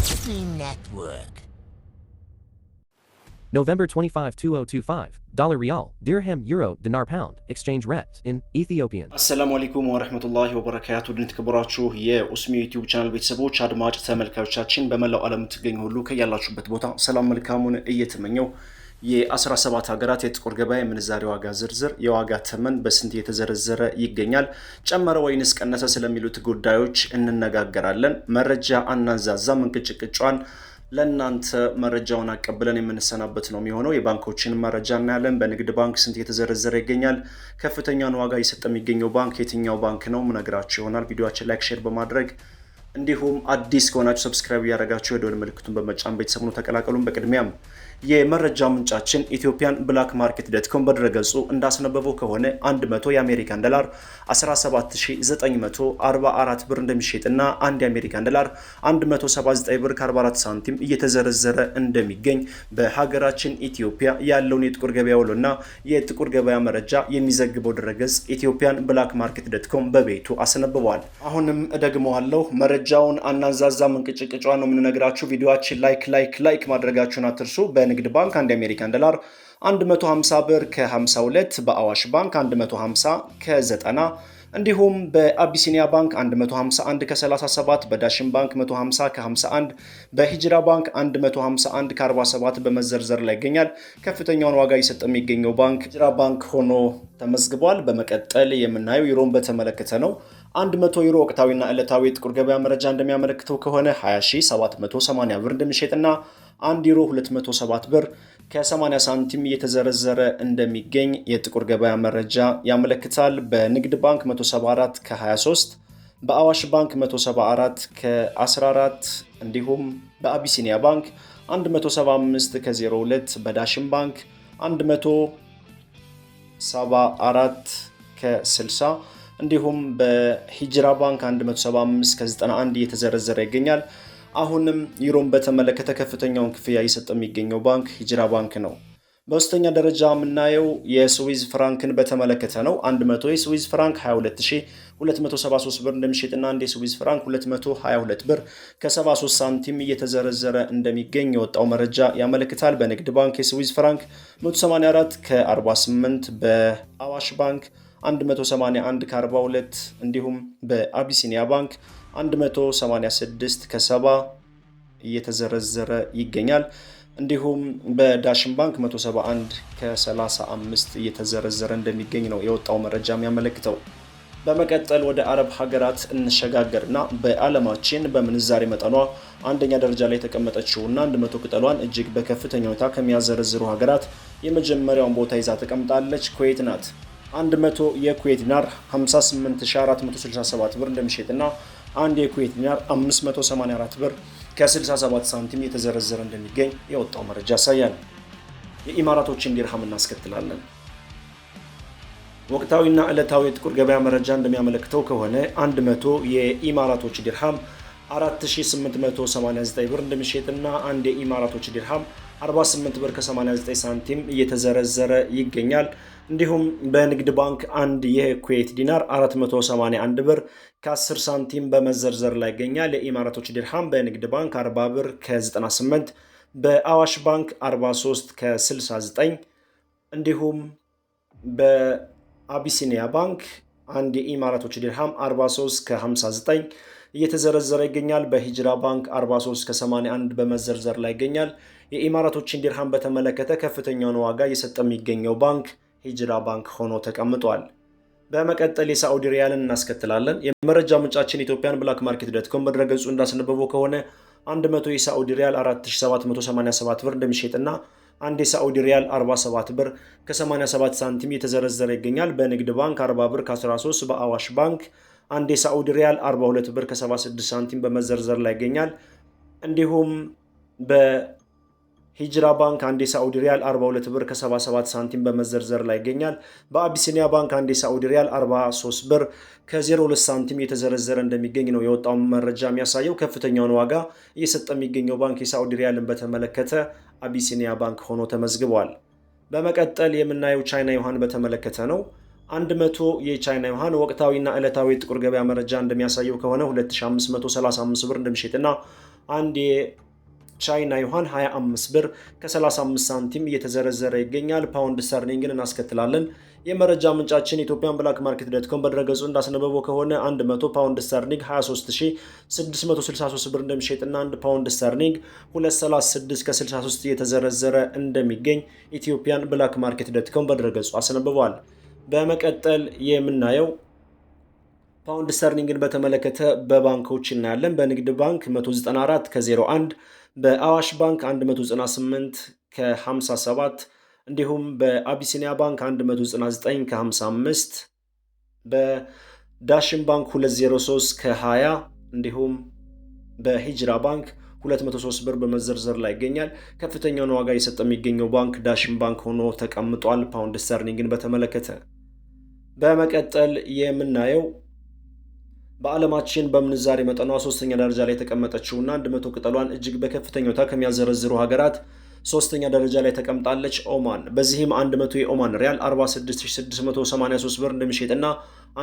Fantasy Network. November 25, 2025, dollar real, dirham euro, dinar pound, exchange rate in Ethiopian. አሰላሙ አለይኩም ወራህመቱላሂ ወበረካቱ። ድን ተከብራችሁ የኡስሚ ዩቲዩብ ቻናል ቤተሰቦች አድማጭ ተመልካዮቻችን በመላው ዓለም ትገኙ ሁሉ ከያላችሁበት ቦታ ሰላም መልካሙን እየተመኘው የ17 ሀገራት የጥቁር ገበያ የምንዛሬ ዋጋ ዝርዝር የዋጋ ተመን በስንት የተዘረዘረ ይገኛል? ጨመረ ወይንስ ቀነሰ ስለሚሉት ጉዳዮች እንነጋገራለን። መረጃ አናንዛዛም፣ እንቅጭቅጯን ለእናንተ መረጃውን አቀብለን የምንሰናበት ነው የሚሆነው። የባንኮችን መረጃ እናያለን። በንግድ ባንክ ስንት የተዘረዘረ ይገኛል? ከፍተኛን ዋጋ እየሰጠ የሚገኘው ባንክ የትኛው ባንክ ነው? ምነግራችሁ ይሆናል። ቪዲዮችን ላይክ፣ ሼር በማድረግ እንዲሁም አዲስ ከሆናችሁ ሰብስክራይብ እያደረጋችሁ የደወል ምልክቱን በመጫን ቤተሰብ ተቀላቀሉን። በቅድሚያም የመረጃ ምንጫችን ኢትዮጵያን ብላክ ማርኬት ዶትኮም በድረገጹ እንዳስነበበው ከሆነ 100 የአሜሪካን ዶላር 17944 ብር እንደሚሸጥና አንድ የአሜሪካን ዶላር 179 ብር ከ44 ሳንቲም እየተዘረዘረ እንደሚገኝ በሀገራችን ኢትዮጵያ ያለውን የጥቁር ገበያ ውሎና የጥቁር ገበያ መረጃ የሚዘግበው ድረገጽ ኢትዮጵያን ብላክ ማርኬት ዶትኮም በቤቱ አስነብቧል። አሁንም እደግመዋለሁ መረጃውን አናንዛዛም፣ እንቅጭቅጫ ነው የምንነግራችሁ። ቪዲዮችን ላይክ ላይክ ላይክ ማድረጋችሁን አትርሱ። በንግድ ባንክ አንድ የአሜሪካን ዶላር 150 ብር ከ52፣ በአዋሽ ባንክ 150 ከ90 እንዲሁም በአቢሲኒያ ባንክ 151 ከ37 በዳሽን ባንክ 150 ከ51 በሂጅራ ባንክ 151 ከ47 በመዘርዘር ላይ ይገኛል። ከፍተኛውን ዋጋ እየሰጠ የሚገኘው ባንክ ሂጅራ ባንክ ሆኖ ተመዝግቧል። በመቀጠል የምናየው ዩሮን በተመለከተ ነው። 100 ዩሮ ወቅታዊና ዕለታዊ ጥቁር ገበያ መረጃ እንደሚያመለክተው ከሆነ 20780 ብር እንደሚሸጥና 1 ዩሮ 207 ብር ከ80 ሳንቲም እየተዘረዘረ እንደሚገኝ የጥቁር ገበያ መረጃ ያመለክታል። በንግድ ባንክ 174 ከ23፣ በአዋሽ ባንክ 174 ከ14 እንዲሁም በአቢሲኒያ ባንክ 175 ከ02፣ በዳሽን ባንክ 174 ከ60 እንዲሁም በሂጅራ ባንክ 175 ከ91 እየተዘረዘረ ይገኛል። አሁንም ዩሮን በተመለከተ ከፍተኛውን ክፍያ እየሰጠ የሚገኘው ባንክ ሂጅራ ባንክ ነው። በውስተኛ ደረጃ የምናየው የስዊዝ ፍራንክን በተመለከተ ነው። 100 የስዊዝ ፍራንክ 22273 ብር እንደሚሸጥና አንድ የስዊዝ ፍራንክ 222 ብር ከ73 ሳንቲም እየተዘረዘረ እንደሚገኝ የወጣው መረጃ ያመለክታል። በንግድ ባንክ የስዊዝ ፍራንክ 184 ከ48፣ በአዋሽ ባንክ 181 ከ42 እንዲሁም በአቢሲኒያ ባንክ 186 ከ70 እየተዘረዘረ ይገኛል። እንዲሁም በዳሽን ባንክ 171 ከ35 እየተዘረዘረ እንደሚገኝ ነው የወጣው መረጃ የሚያመለክተው። በመቀጠል ወደ አረብ ሀገራት እንሸጋገርና በዓለማችን በምንዛሬ መጠኗ አንደኛ ደረጃ ላይ የተቀመጠችውና 100 ቅጠሏን እጅግ በከፍተኛ ሁኔታ ከሚያዘረዝሩ ሀገራት የመጀመሪያውን ቦታ ይዛ ተቀምጣለች። ኩዌት ናት። 100 የኩዌት ዲናር 58467 ብር እንደሚሸጥና አንድ የኩዌት ዲናር 584 ብር ከ67 ሳንቲም የተዘረዘረ እንደሚገኝ የወጣው መረጃ ያሳያል። የኢማራቶችን ዲርሃም እናስከትላለን። ወቅታዊና ዕለታዊ የጥቁር ገበያ መረጃ እንደሚያመለክተው ከሆነ 100 የኢማራቶች ዲርሃም 4889 ብር እንደሚሸጥና አንድ የኢማራቶች ዲርሃም 48 ብር ከ89 ሳንቲም እየተዘረዘረ ይገኛል። እንዲሁም በንግድ ባንክ አንድ የኩዌት ዲናር 481 ብር ከ10 ሳንቲም በመዘርዘር ላይ ይገኛል። የኢማራቶች ዲርሃም በንግድ ባንክ 40 ብር ከ98 በአዋሽ ባንክ 43 ከ69 እንዲሁም በአቢሲኒያ ባንክ አንድ የኢማራቶች ዲርሃም 43 ከ59 እየተዘረዘረ ይገኛል። በሂጅራ ባንክ 43 ከ81 በመዘርዘር ላይ ይገኛል። የኢማራቶችን ዲርሃም በተመለከተ ከፍተኛውን ዋጋ እየሰጠ የሚገኘው ባንክ ሂጅራ ባንክ ሆኖ ተቀምጧል። በመቀጠል የሳዑዲ ሪያልን እናስከትላለን። የመረጃ ምንጫችን ኢትዮጵያን ብላክ ማርኬት ዶት ኮም በድረገጹ እንዳስነበበው ከሆነ 100 የሳዑዲ ሪያል 4787 ብር እንደሚሸጥና አንድ የሳዑዲ ሪያል 47 ብር ከ87 ሳንቲም የተዘረዘረ ይገኛል። በንግድ ባንክ 40 ብር ከ13 በአዋሽ ባንክ አንድ የሳዑዲ ሪያል 42 ብር ከ76 ሳንቲም በመዘርዘር ላይ ይገኛል። እንዲሁም በሂጅራ ባንክ አንድ የሳዑዲ ሪያል 42 ብር ከ77 ሳንቲም በመዘርዘር ላይ ይገኛል። በአቢሲኒያ ባንክ አንድ የሳዑዲ ሪያል 43 ብር ከ02 ሳንቲም የተዘረዘረ እንደሚገኝ ነው የወጣው መረጃ የሚያሳየው። ከፍተኛውን ዋጋ እየሰጠ የሚገኘው ባንክ የሳዑዲ ሪያልን በተመለከተ አቢሲኒያ ባንክ ሆኖ ተመዝግቧል። በመቀጠል የምናየው ቻይና ዩሃን በተመለከተ ነው። አንድ መቶ የቻይና ዩሃን ወቅታዊና ዕለታዊ የጥቁር ገበያ መረጃ እንደሚያሳየው ከሆነ 2535 ብር እንደሚሸጥና አንድ የቻይና ዩሃን 25 ብር ከ35 ሳንቲም እየተዘረዘረ ይገኛል። ፓውንድ ስተርሊንግን እናስከትላለን። የመረጃ ምንጫችን ኢትዮጵያን ብላክ ማርኬት ዶት በድረገጹ እንዳስነበበው ከሆነ 100 ፓውንድ ስተርሊንግ 23663 ብር እንደሚሸጥና 1 ፓውንድ ስተርሊንግ 236 ከ63 እየተዘረዘረ እንደሚገኝ ኢትዮጵያን ብላክ ማርኬት ዶት በድረገጹ አስነብቧል። በመቀጠል የምናየው ፓውንድ ስተርሊንግን በተመለከተ በባንኮች እናያለን። በንግድ ባንክ 194 ከ01፣ በአዋሽ ባንክ 198 ከ57፣ እንዲሁም በአቢሲኒያ ባንክ 199 ከ55፣ በዳሽን ባንክ 203 ከ20፣ እንዲሁም በሂጅራ ባንክ 203 ብር በመዘርዘር ላይ ይገኛል። ከፍተኛውን ዋጋ እየሰጠ የሚገኘው ባንክ ዳሽን ባንክ ሆኖ ተቀምጧል። ፓውንድ ስተርሊንግን በተመለከተ በመቀጠል የምናየው በዓለማችን በምንዛሬ መጠኗ ሶስተኛ ደረጃ ላይ የተቀመጠችውና አንድ መቶ ቅጠሏን እጅግ በከፍተኛ ሁኔታ ከሚያዘረዝሩ ሀገራት ሶስተኛ ደረጃ ላይ ተቀምጣለች ኦማን። በዚህም 100 የኦማን ሪያል 46683 ብር እንደሚሸጥና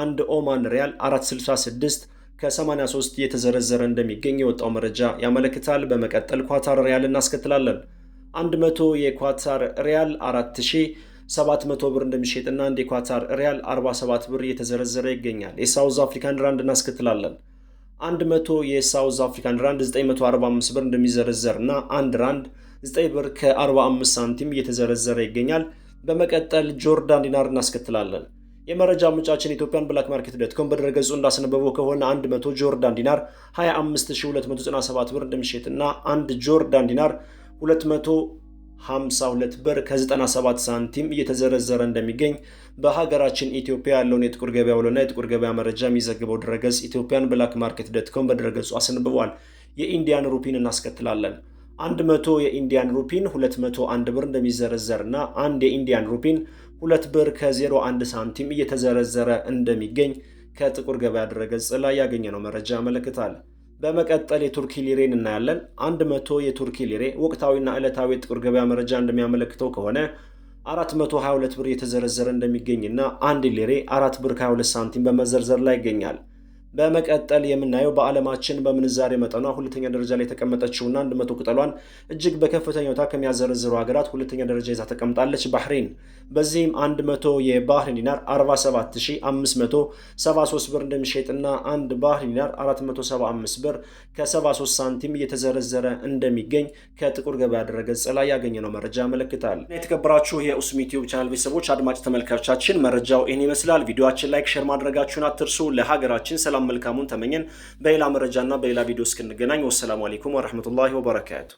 አንድ ኦማን ሪያል 466 ከ83 የተዘረዘረ እንደሚገኝ የወጣው መረጃ ያመለክታል። በመቀጠል ኳታር ሪያል እናስከትላለን። 100 የኳታር ሪያል 4000 700 ብር እንደሚሸጥና አንድ የኳታር ሪያል 47 ብር እየተዘረዘረ ይገኛል። የሳውዝ አፍሪካን ራንድ እናስከትላለን። 100 የሳውዝ አፍሪካን ራንድ 945 ብር እንደሚዘረዘር እና አንድ ራንድ 9 ብር ከ45 ሳንቲም እየተዘረዘረ ይገኛል። በመቀጠል ጆርዳን ዲናር እናስከትላለን። የመረጃ ምንጫችን ኢትዮጵያን ብላክ ማርኬት ዶት ኮም በድረገጹ እንዳስነበበው ከሆነ 100 ጆርዳን ዲናር 25297 ብር እንደሚሸጥና አንድ ጆርዳን ዲናር 200 52 ብር ከ97 ሳንቲም እየተዘረዘረ እንደሚገኝ በሀገራችን ኢትዮጵያ ያለውን የጥቁር ገበያ ውሎና የጥቁር ገበያ መረጃ የሚዘግበው ድረገጽ ኢትዮጵያን ብላክ ማርኬት ዶትኮም በድረገጹ አስንብቧል። የኢንዲያን ሩፒን እናስከትላለን። 100 የኢንዲያን ሩፒን 201 ብር እንደሚዘረዘር እና አንድ የኢንዲያን ሩፒን 2 ብር ከ01 ሳንቲም እየተዘረዘረ እንደሚገኝ ከጥቁር ገበያ ድረገጽ ላይ ያገኘነው መረጃ ያመለክታል። በመቀጠል የቱርኪ ሊሬን እናያለን። 100 የቱርኪ ሊሬ ወቅታዊና ዕለታዊ የጥቁር ገበያ መረጃ እንደሚያመለክተው ከሆነ 422 ብር የተዘረዘረ እንደሚገኝና አንድ ሊሬ 4 ብር ከ22 ሳንቲም በመዘርዘር ላይ ይገኛል። በመቀጠል የምናየው በዓለማችን በምንዛሬ መጠኗ ሁለተኛ ደረጃ ላይ የተቀመጠችውና አንድ መቶ ቅጠሏን እጅግ በከፍተኛ ሁኔታ ከሚያዘረዝሩ ሀገራት ሁለተኛ ደረጃ ይዛ ተቀምጣለች ባህሬን። በዚህም 100 የባህሬን ዲናር 47573 ብር እንደሚሸጥና አንድ ባህሬን ዲናር 475 ብር ከ73 ሳንቲም እየተዘረዘረ እንደሚገኝ ከጥቁር ገበያ ድረገጽ ላይ ያገኘነው መረጃ ያመለክታል። የተከበራችሁ የኡስሚ ዩቲዩብ ቻናል ቤተሰቦች አድማጭ ተመልካቾቻችን መረጃው ይህን ይመስላል። ቪዲዮችን ላይክ፣ ሼር ማድረጋችሁን አትርሱ። ለሀገራችን ሰላም ሁሉም መልካሙን ተመኘን። በሌላ መረጃና በሌላ ቪዲዮ እስክንገናኝ ወሰላሙ አሌይኩም ወረህመቱላሂ ወበረካቱ።